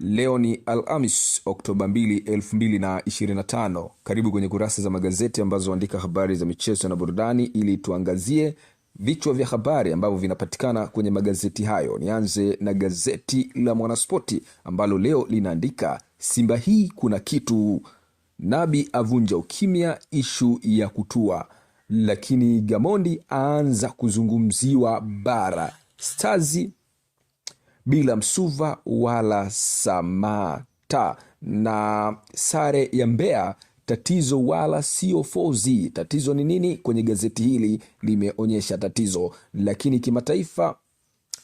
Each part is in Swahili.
Leo ni Alhamis, Oktoba 2225 Karibu kwenye kurasa za magazeti ambazo huandika habari za michezo na burudani, ili tuangazie vichwa vya habari ambavyo vinapatikana kwenye magazeti hayo. Nianze na gazeti la Mwanaspoti ambalo leo linaandika Simba hii kuna kitu, Nabi avunja ukimya ishu ya kutua, lakini Gamondi aanza kuzungumziwa bara, Stazi bila Msuva wala Samata, na sare ya mbea tatizo wala sio fozi. Tatizo ni nini? Kwenye gazeti hili limeonyesha tatizo, lakini kimataifa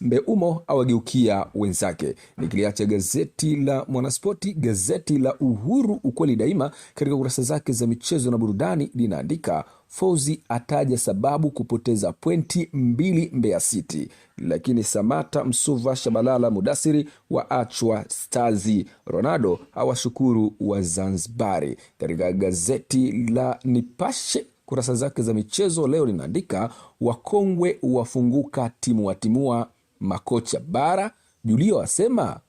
Mbeumo awageukia wenzake. Nikiliacha gazeti la Mwanaspoti, gazeti la Uhuru ukweli daima, katika kurasa zake za michezo na burudani linaandika Fauzi ataja sababu kupoteza pwenti mbili Mbeya City, lakini Samata, Msuva, Shabalala, Mudasiri waachwa stazi, Ronaldo awashukuru wa Zanzibari. Katika gazeti la Nipashe kurasa zake za michezo leo linaandika wakongwe wafunguka timuatimua makocha bara. Julio asema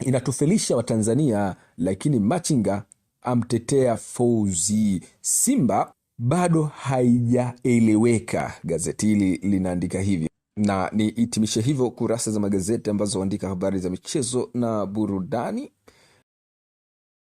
inatufelisha Watanzania, lakini machinga amtetea Fauzi. Simba bado haijaeleweka, gazeti hili linaandika hivyo na nihitimishe hivyo kurasa za magazeti ambazo huandika habari za michezo na burudani.